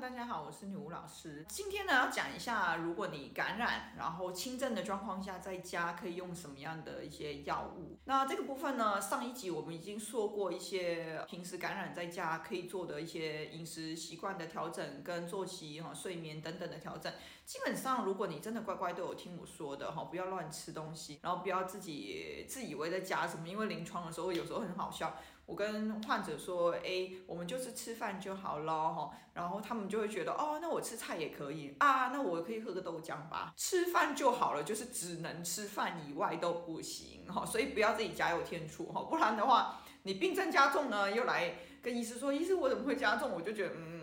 大家好，我是女巫老師。今天呢，要講一下，如果你感染，然後輕症的狀況下，在家可以用什麼樣的一些藥物。那這個部分呢，上一集我們已經說過一些平時感染在家可以做的一些飲食習慣的調整，跟作息、哈、喔、睡眠等等的調整。基本上，如果你真的乖乖都有聽我說的哈、喔，不要亂吃東西，然後不要自己自以為在家什麼，因為臨床的時候有時候很好笑。我跟患者說，哎、欸，我們就是吃飯就好咯。吼，然後他們就會覺得，哦，那我吃菜也可以啊，那我可以喝個豆漿吧，吃飯就好了，就是只能吃飯以外都不行哈、哦，所以不要自己加油添醋哈、哦，不然的話，你病症加重呢，又來跟醫生說，醫生，我怎麼會加重？我就覺得，嗯。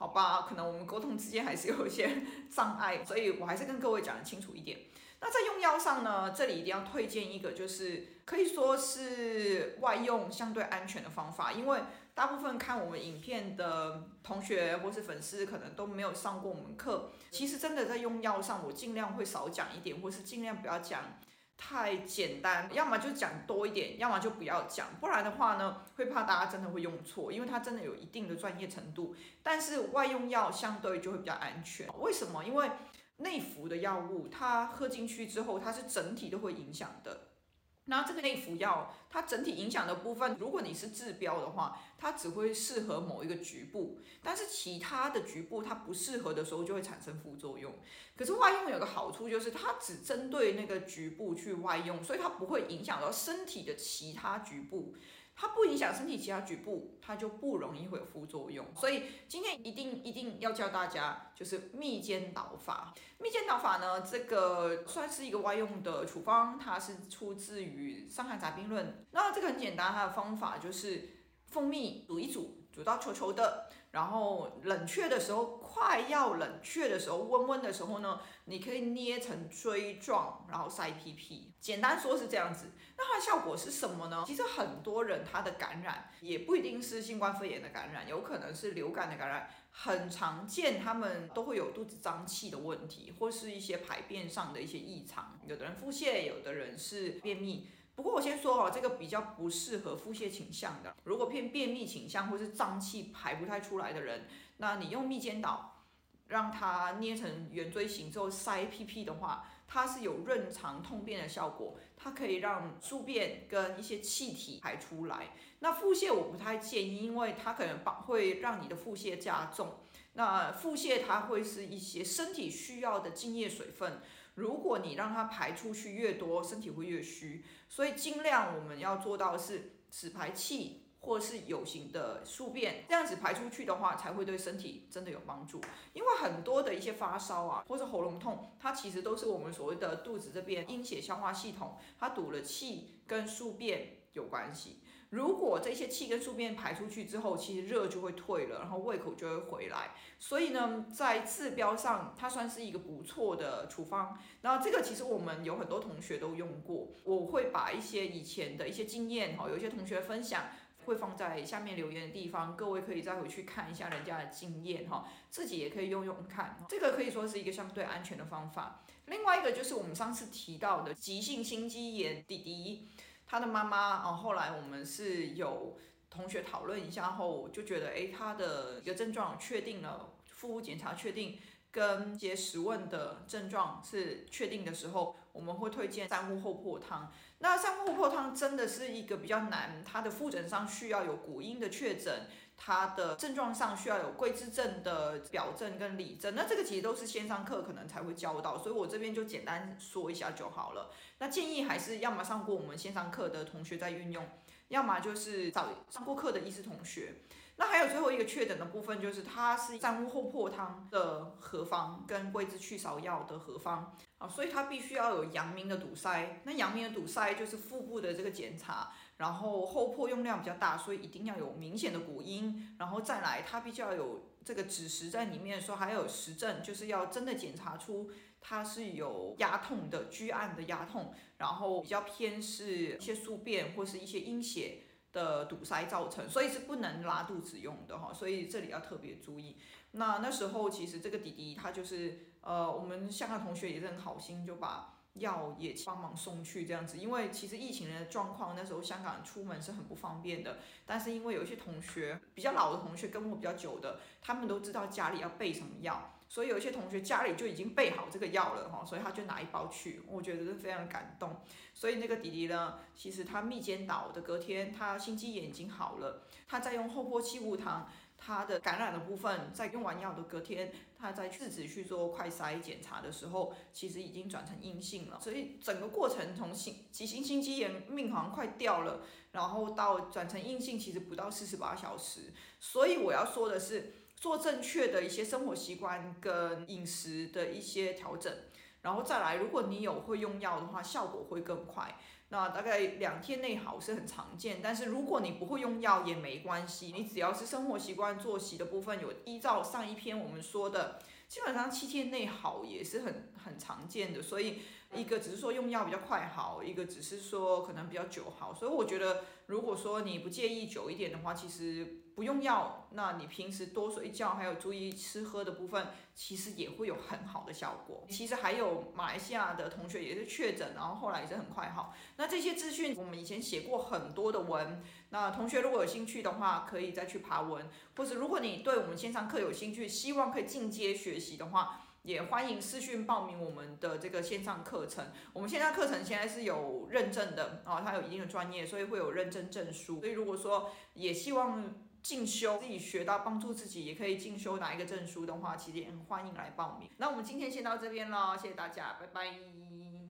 好吧，可能我們溝通之間還是有一些障礙，所以我還是跟各位講清楚一點。那在用藥上呢，這裡一定要推薦一個，就是可以說是外用相對安全的方法，因為大部分看我們影片的同學或是粉絲可能都沒有上過我們課。其實真的在用藥上，我盡量會少講一點，或是盡量不要講。太簡單，要麼就講多一點，要麼就不要講，不然的話呢，會怕大家真的會用錯，因為它真的有一定的專業程度。但是外用藥相對就會比較安全，為什麼？因為內服的藥物，它喝進去之後，它是整體都會影響的。那這個內服藥，它整體影響的部分，如果你是治標的話，它只會適合某一個局部，但是其他的局部它不適合的時候，就會產生副作用。可是外用有個好處，就是它只針對那個局部去外用，所以它不會影響到身體的其他局部。它不影響身體其他局部，它就不容易會有副作用。所以今天一定一定要教大家，就是蜜煎導法。蜜煎導法呢，這個算是一個外用的處方，它是出自於《傷寒雜病論》。那這個很簡單，它的方法就是蜂蜜煮一煮，煮到稠稠的。然後冷卻的時候，快要冷卻的時候，溫溫的時候呢，你可以捏成錐狀，然後塞屁屁。簡單說是這樣子。那它的效果是什麼呢？其實很多人他的感染也不一定是新冠肺炎的感染，有可能是流感的感染。很常見，他們都會有肚子脹氣的問題，或是一些排便上的一些異常。有的人腹瀉，有的人是便秘。不過我先說哈，這個比較不適合腹瀉傾向的。如果偏便秘傾向或是脹氣排不太出來的人，那你用蜜煎導，讓它捏成圓錐形之後塞屁屁的話，它是有潤腸通便的效果，它可以讓宿便跟一些氣體排出來。那腹瀉我不太建議，因為它可能把會讓你的腹瀉加重。那腹瀉它會是一些身體需要的津液水分。如果你讓它排出去越多，身體會越虛，所以儘量我們要做到的是只排氣，或是有形的宿便，這樣子排出去的話，才會對身體真的有幫助。因為很多的一些發燒啊，或是喉嚨痛，它其實都是我們所謂的肚子這邊陰血消化系統，它堵了氣跟宿便，有關係。如果這些氣跟宿便排出去之後，其實熱就會退了，然後胃口就會回來。所以呢，在治標上，它算是一個不錯的處方。那這個其實我們有很多同學都用過，我會把一些以前的一些經驗哈，有一些同學分享會放在下面留言的地方，各位可以再回去看一下人家的經驗哈，自己也可以用用看。這個可以說是一個相對安全的方法。另外一個就是我們上次提到的急性心肌炎，弟弟。他的媽媽啊，後來我們是有同學討論一下後，就覺得哎，他的一個症狀確定了，腹部檢查確定跟一些十問的症狀是確定的時候。我們會推薦三物厚朴湯那三物厚朴湯真的是一個比較難，它的複診上需要有骨陰的確診，它的症狀上需要有桂枝症的表症跟裡症。那這個其實都是線上課可能才會教到，所以我這邊就簡單說一下就好了。那建議還是要麼上過我們線上課的同學在運用，要麼就是找上過課的醫師同學。那還有最後一個確診的部分，就是它是三物厚朴湯的合方跟桂枝去芍藥的合方啊，所以它必須要有陽明的堵塞。那陽明的堵塞就是腹部的這個檢查，然後厚朴用量比較大，所以一定要有明顯的鼓音，然後再來它必須要有這個枳實在裡面說還有實證，就是要真的檢查出它是有壓痛的、拘按的壓痛，然後比較偏是一些宿便或是一些陰血。的堵塞造成，所以是不能拉肚子用的哈，所以這裡要特別注意。那那時候其實這個弟弟他就是，呃，我們香港同學也是很好心，就把。藥也幫忙送去這樣子，因為其實疫情的狀況，那時候香港出門是很不方便的。但是因為有一些同學比較老的同學，跟我比較久的，他們都知道家裡要備什麼藥，所以有一些同學家裡就已經備好這個藥了哈，所以他就拿一包去，我覺得是非常感動。所以那個弟弟呢，其實他密餞島的隔天，他心肌炎已經好了，他在用厚朴七物湯。他的感染的部分，在用完藥的隔天，他在自己去做快篩檢查的時候，其實已經轉成陰性了。所以整個過程從心急性心肌炎命好像快掉了，然後到轉成陰性，其實不到四十八小時。所以我要說的是，做正確的一些生活習慣跟飲食的一些調整。然後再來，如果你有會用藥的話，效果會更快。那大概兩天內好是很常見，但是如果你不會用藥也沒關係，你只要是生活習慣、作息的部分有依照上一篇我們說的，基本上七天內好也是很很常見的。所以一個只是說用藥比較快好，一個只是說可能比較久好。所以我覺得，如果說你不介意久一點的話，其實。不用藥，那你平時多睡覺，還有注意吃喝的部分，其實也會有很好的效果。其實還有馬來西亞的同學也是確診，然後後來也是很快好。那這些資訊我們以前寫過很多的文，那同學如果有興趣的話，可以再去爬文，或是如果你對我們線上課有興趣，希望可以進階學習的話，也歡迎私訊報名我們的這個線上課程。我們線上課程現在是有認證的啊，它有一定的專業，所以會有認證證書。所以如果說也希望。進修自己學到幫助自己，也可以進修拿一個證書的話，其實也很歡迎來報名。那我們今天先到這邊囉，謝謝大家，拜拜。